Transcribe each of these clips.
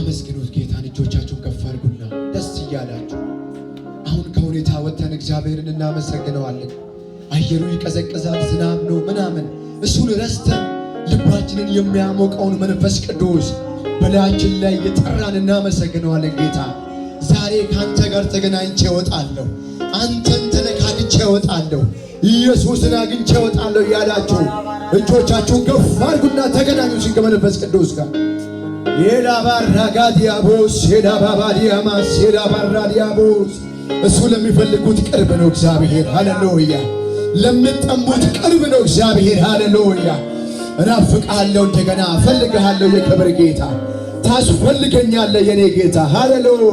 አመስግኑት ጌታን። እጆቻችሁን ከፍ አድርጉና ደስ እያላችሁ አሁን ከሁኔታ ወጥተን እግዚአብሔርን እናመሰግነዋለን። አየሩ ይቀዘቅዛል፣ ዝናብ ነው ምናምን፣ እሱን ረስተን ልባችንን የሚያሞቀውን መንፈስ ቅዱስ በላያችን ላይ የጠራን እናመሰግነዋለን። ጌታ ዛሬ ከአንተ ጋር ተገናኝቼ እወጣለሁ፣ አንተን ተነካክቼ እወጣለሁ፣ ኢየሱስን አግኝቼ እወጣለሁ እያላችሁ እጆቻችሁን ከፍ አድርጉና ተገናኙ ሲንከ ቅዱስ ጋር የላባራጋ ዲያቦስ የላባባ ዲያማስ የላባራ ዲያቦስ እሱ ለሚፈልጉት ቅርብ ነው እግዚአብሔር ሃሌሉያ። ለምጠሙት ቅርብ ነው እግዚአብሔር ሃሌሉያ። እናፍቃለሁ እንደገና እፈልግሃለሁ የክብር ጌታ ታስፈልገኛለህ የኔ ጌታ ሃሌሉያ።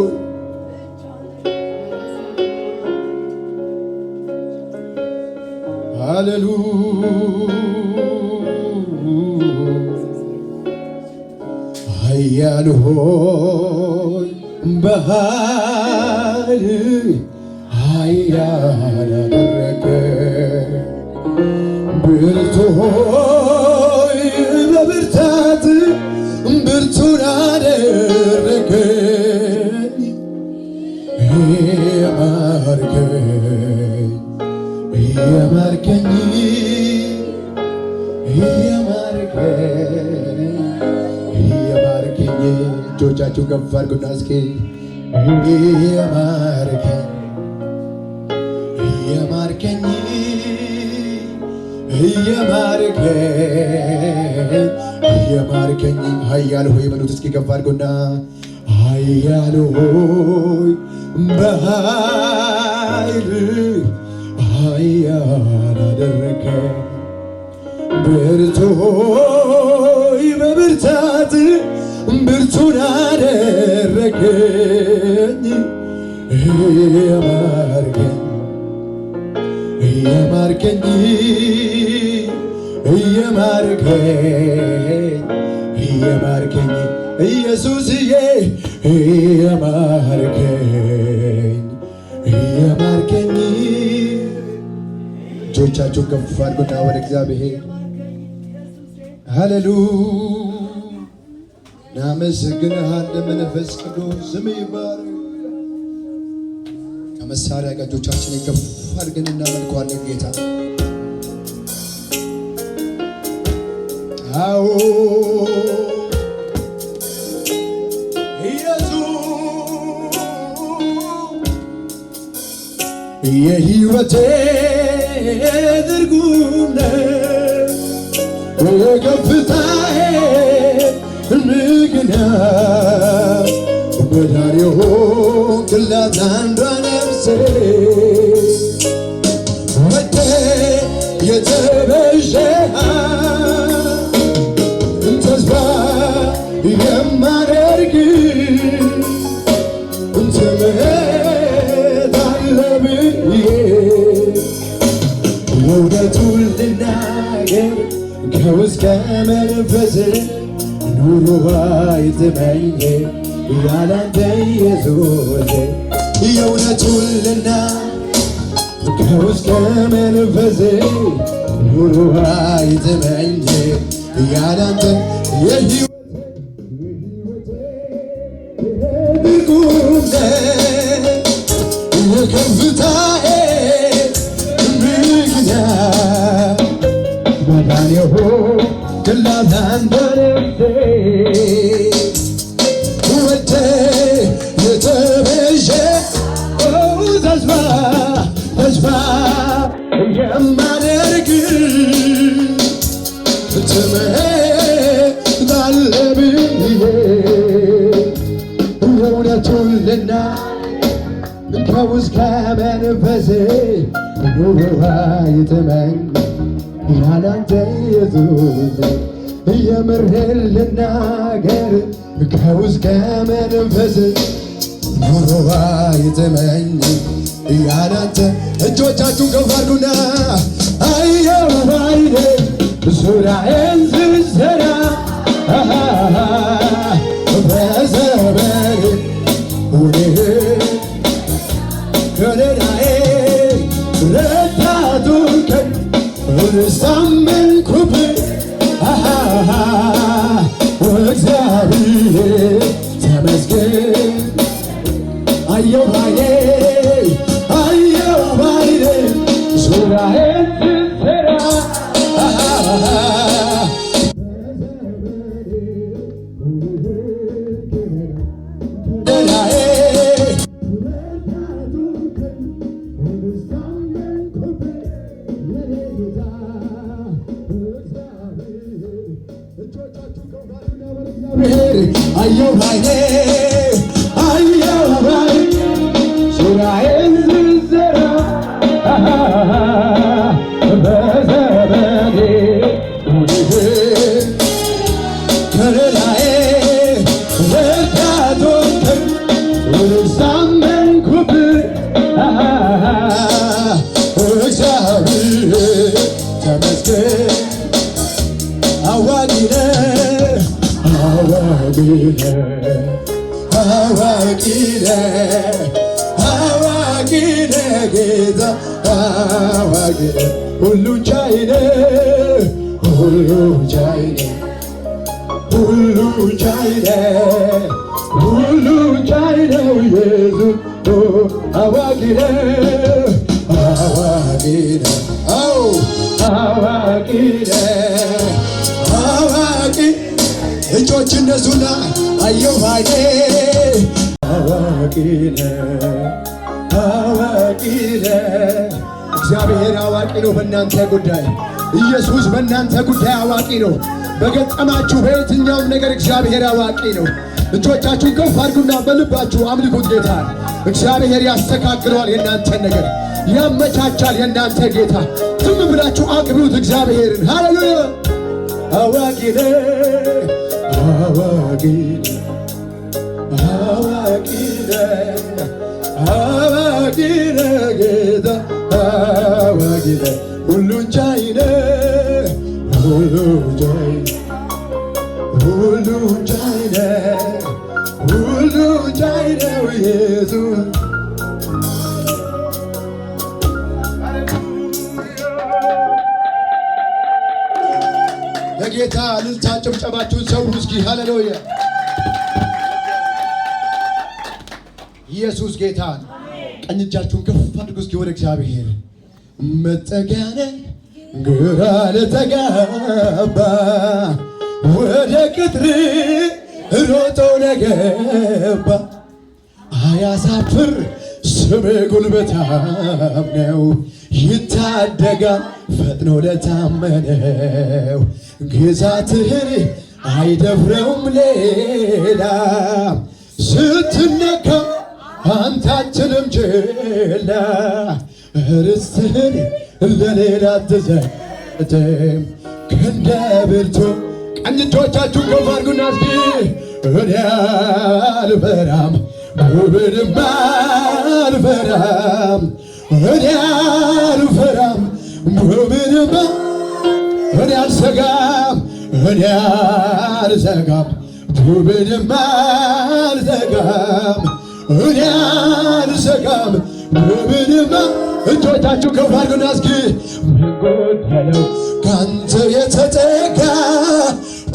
ሃሌሉያ ኃያልሆይ በኃይል ኃያል አደረገ ብርቱ እጆቻችሁን ከፍ አድርጉና እስኪ እየማርከኝ እየማርከኝ እየማርከኝ እየማርከኝ ኃያል ሆይ በሉት እስኪ ከፍ አድርጉና ኃያል ሆይ በሃ እየማርገኝ እየማርከኝ! እየማርከኝ! እየማርገኝ ኢየሱስዬ እየማርገኝ እየማርከኝ እጆቻችሁን ከፍ አድርጉና ወደ እግዚአብሔር ሃሌሉ ናመሰግንሃለን መንፈስ ቅዱስ ስም ይባረክ። መሳሪያ ቀጆቻችን እጆቻችንን ከፍ አድርገን እናመልከዋለን ጌታ። አዎ ኢየሱስ የሕይወቴ ትርጉም የከፍታዬ ምክንያት አንዷ እስከ መንፈስ ኑሮ ባይተመኘ ያላንተ ኢየሱስ የእውነቱልና ከውስጥ መንፈሴ ኑሮ አይጥመኝ ያላንተ የህይወቴ ይትመኝ ያላንተ የቱልኝ እየምርህን ልናገር ከውስጥ ከመንፈስ ኑሮዋ ይትመኝ ያላንተ እጆቻችሁን ከፍ አድርጉና አየው አይኔ ዙሪያዬን ስዘራ ተመስገን ayo bhai re አዋቂ ነህ አዎ አዋቂ አዋቂ እጆች እነሱና አየሁ ባይኔ አዋቂ ነህ እግዚአብሔር አዋቂ ነው በእናንተ ጉዳይ ኢየሱስ በእናንተ ጉዳይ አዋቂ ነው በገጠማችሁ በየትኛውም ነገር እግዚአብሔር አዋቂ ነው እጆቻችሁን ከፍ አድርጉና በልባችሁ አምልኩት ጌታ። እግዚአብሔር ያስተካክለዋል የእናንተን ነገር ያመቻቻል የእናንተ ጌታ። ዝም ብላችሁ አቅብሉት እግዚአብሔርን። ሃሌሉያ አዋቂ አዋቂ አዋቂ አዋቂ ጌታ አዋቂ ሁሉን ቻይ ሁሉን ቻይ ሁሉን ቻይ ለጌታ ልልታ ጭብጨባችሁን ሰው እስኪ ሃሌሉያ ኢየሱስ ጌታ ቀኝ እጃችሁን ከፍ አድርጉ እስኪ ወደ እግዚአብሔር መጠጊያ ነህ ግራ ለተጋባ ወደ ቅጥር ሮጦ ለገባ ሳያሳፍር ስሜ ጉልበታም ነው ይታደጋል ፈጥኖ ለታመነው ግዛትህን አይደፍረውም ሌላ ስትነካ አንታችንም ችላ ርስትህን ለሌላ ትዘትም ክንደ ብርቱ ቀንጆቻችሁን ከፍ አድርጉና እስኪ እኔ አልፈራም ውብንም ባልፈራም እኔ አልፈራም ውብንም እኔ አልሰጋም እኔ አልሰጋም ውብንም ባልሰጋም እኔ አልሰጋም ውብንም እጆቻችሁ ከፍ አድርጉና እስኪ ምንጎደለው የተጠጋ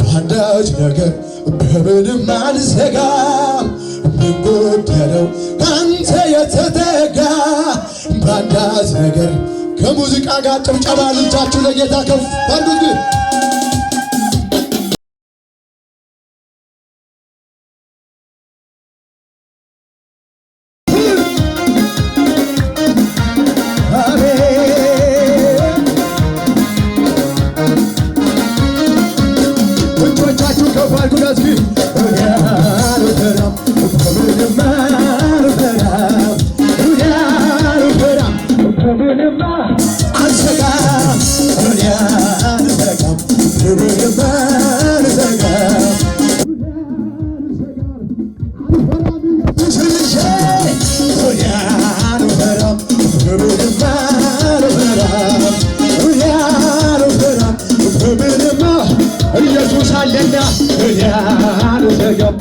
ባንዳች ነገር በምንም አልዘጋም ምንጎደለው ከአንተ የተተጋ በአንዳች ነገር ከሙዚቃ ጋር ጭብጨባ ልጃችሁ ለጌታ ከፍ አድርጉ። አለና ያሉ ተገብ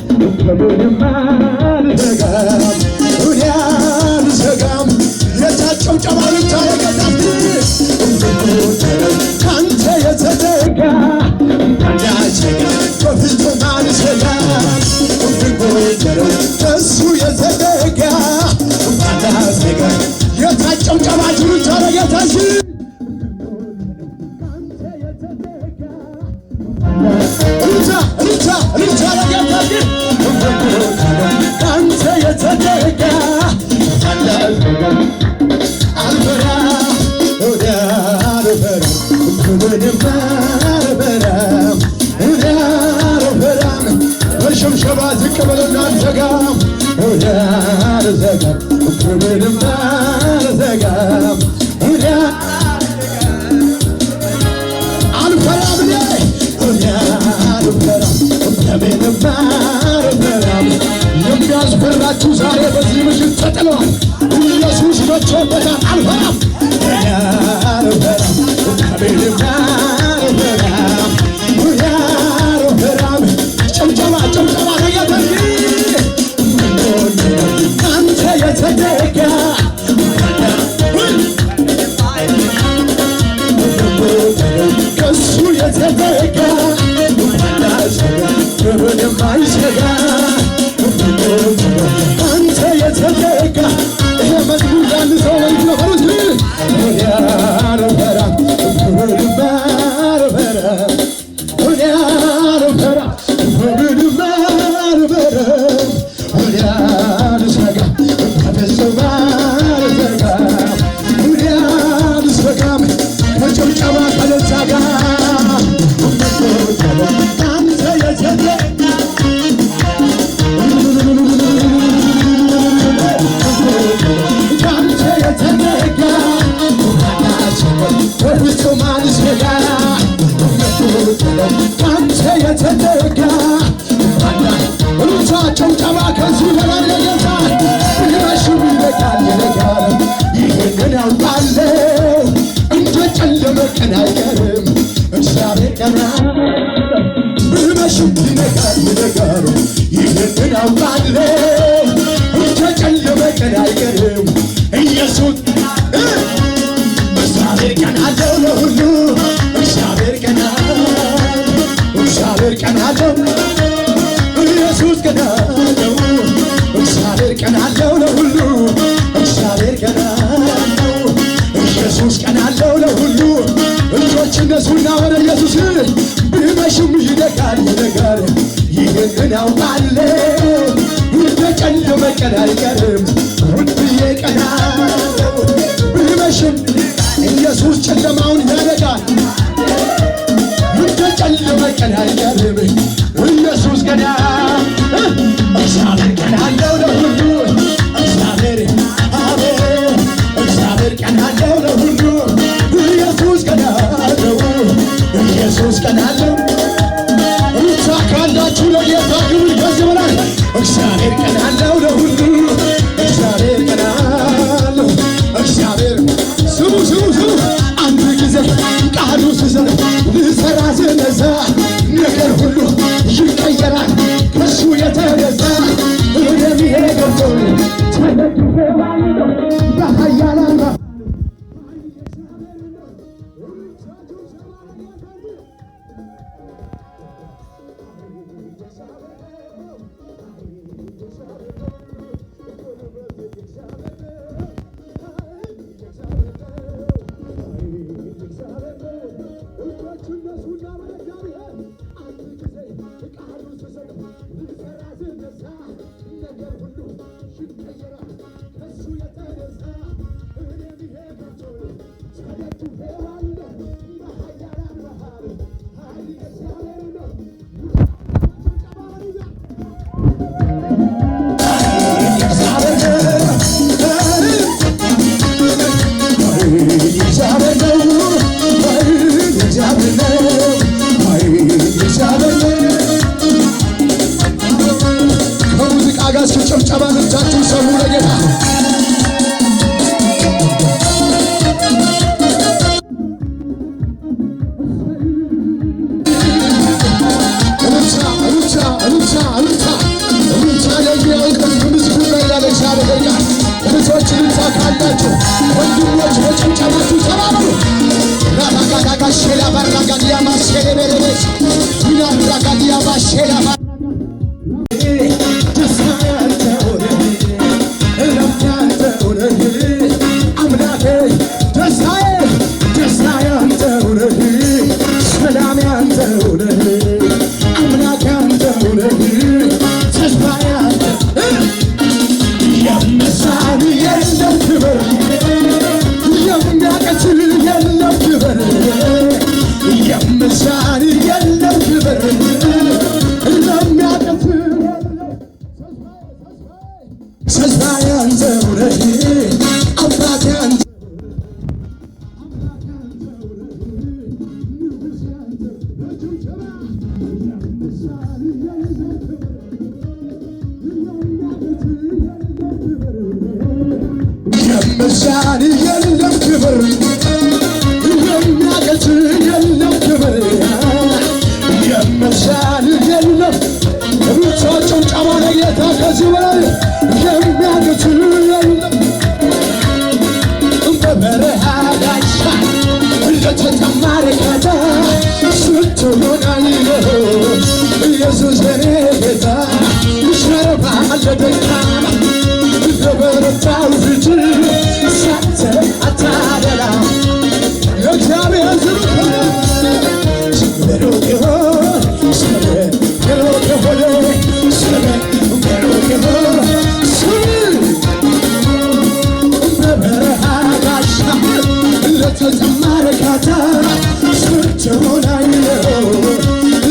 ይሆንበታል። አልፈራም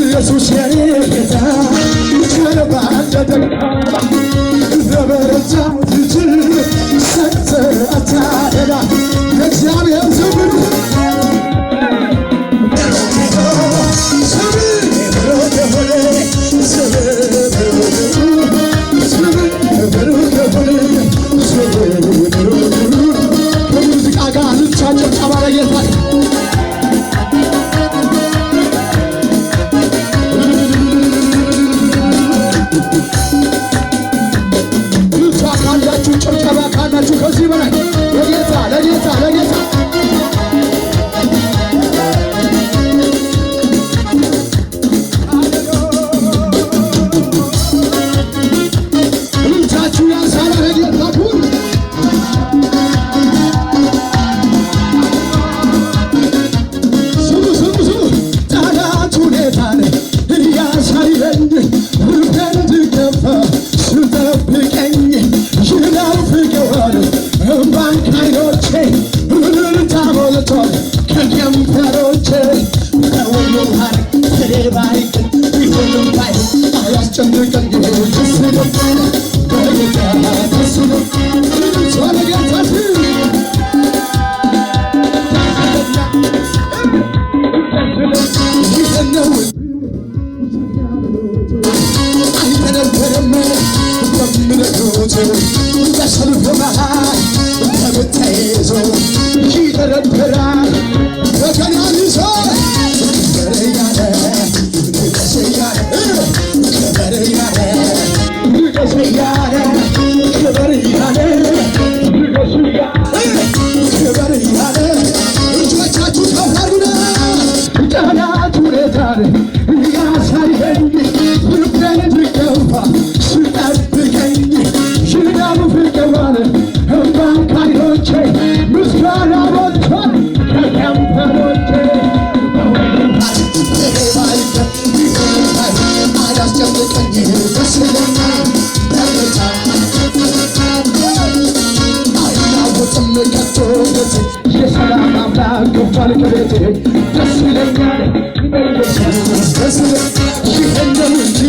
ኢየሱስ የኔ ጌታ ጀርባ ደደቃ Just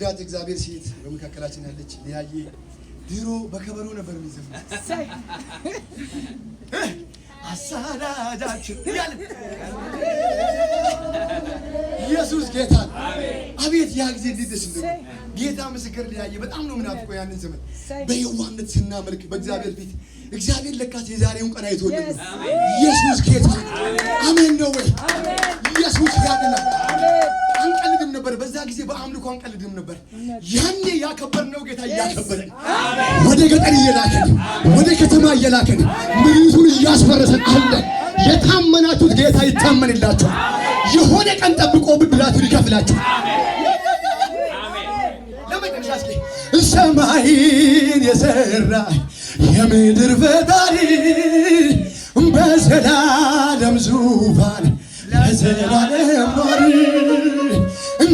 የምወዳት እግዚአብሔር ሴት በመካከላችን ያለች ሊያዬ ድሮ በከበሮ ነበር የሚዘፍነው። አሳዳጃችን ኢየሱስ ጌታ አቤት ያ ጊዜ እንዴት ደስ እንደሆነ ጌታ ምስክር ሊያየ በጣም ነው ምናፍቆ ያንን ዘመን በየዋህነት ስናመልክ በእግዚአብሔር ፊት እግዚአብሔር ለካት የዛሬውን ቀን አይቶልን ነው። ኢየሱስ ጌታ አሜን ነው ወይ? ኢየሱስ ያድናል። ነበር። በዛ ጊዜ በአምልኮ አንቀልድም ነበር። ያኔ ያከበርነው ጌታ እያከበረን ወደ ገጠር እየላከን ወደ ከተማ እየላከን ምሪቱን እያስፈረሰን አለ። የታመናችሁት ጌታ ይታመንላችኋል። የሆነ ቀን ጠብቆ ብድራቱን ይከፍላችኋል። ሰማይን የሰራ የምድር ፈጣሪ በዘላለም ዙፋን ለዘላለም ኖሪ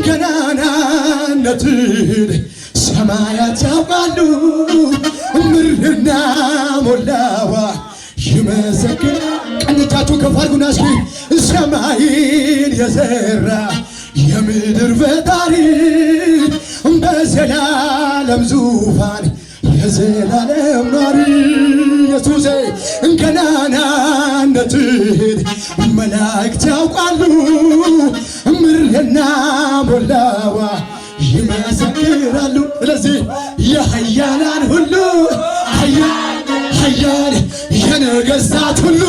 ገናናነትን ሰማያት ያውቃሉ፣ ምድርና ሞላዋ ይመሰግን። ቀኝ እጃችሁን ከፍ አድርጉና እስኪ ሰማይን የዘራ የምድር ፈጣሪ በዘላለም ዙፋን የዘላለም ኗሪ ኢየሱሴ ገናናነትን መላእክት ያውቃሉ ባህርና ሞላዋ ይመሰክራሉ። ስለዚህ የኃያላን ሁሉ ኃያል የነገሥታት ሁሉ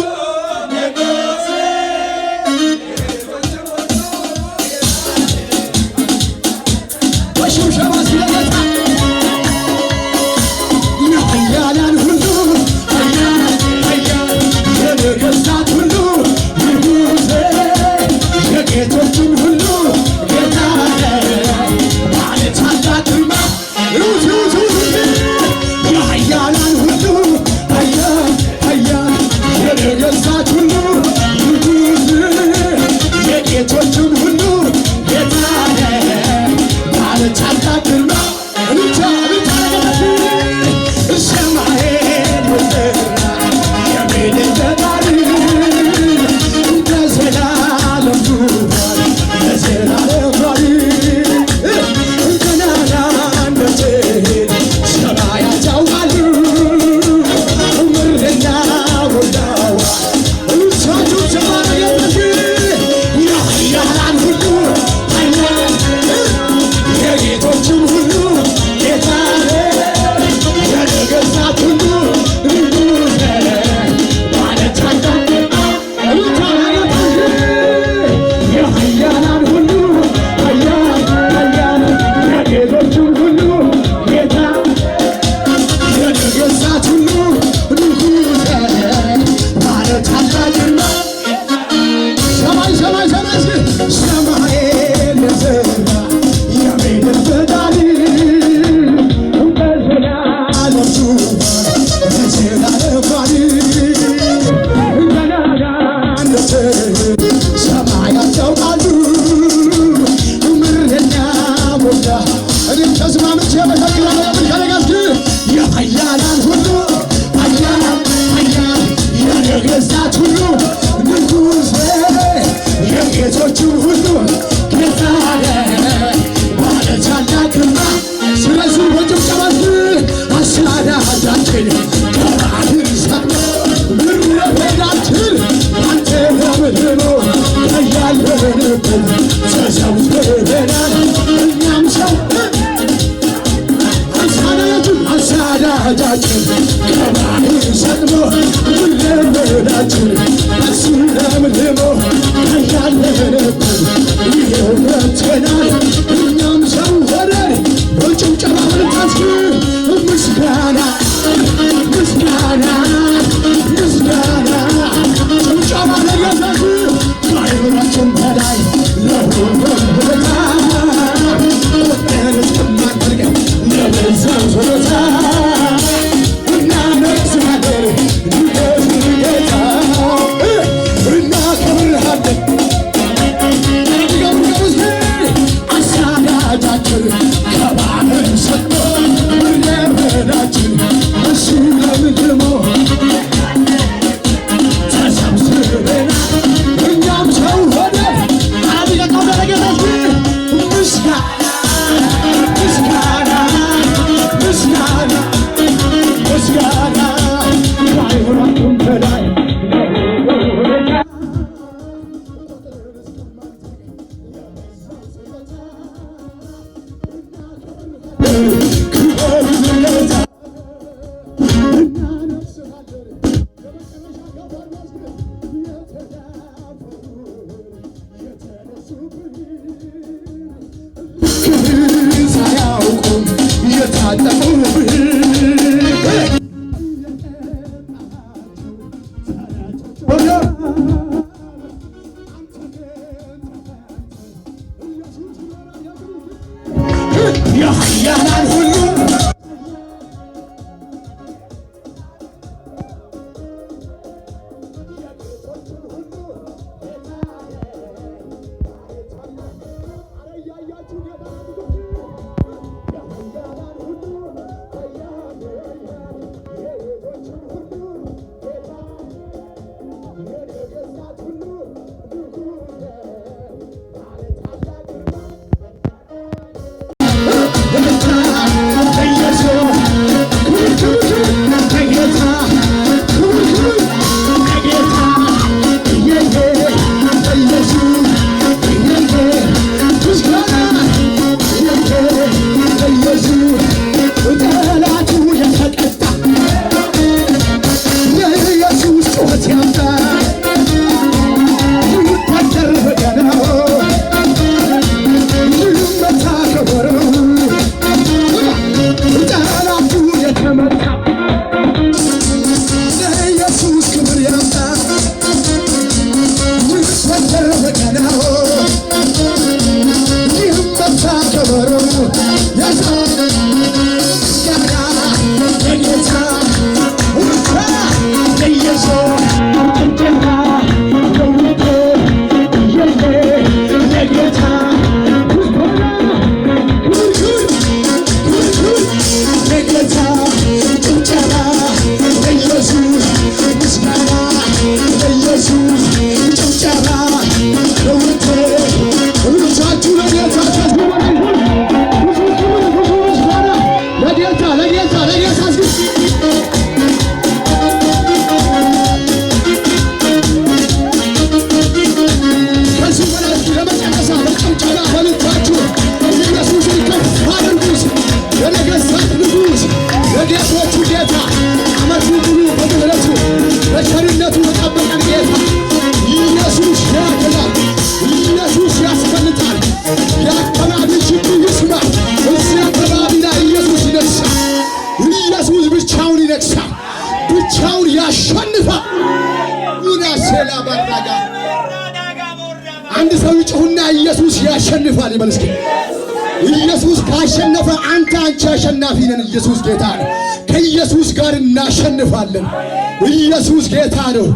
እንላለን። ኢየሱስ ጌታ ነው።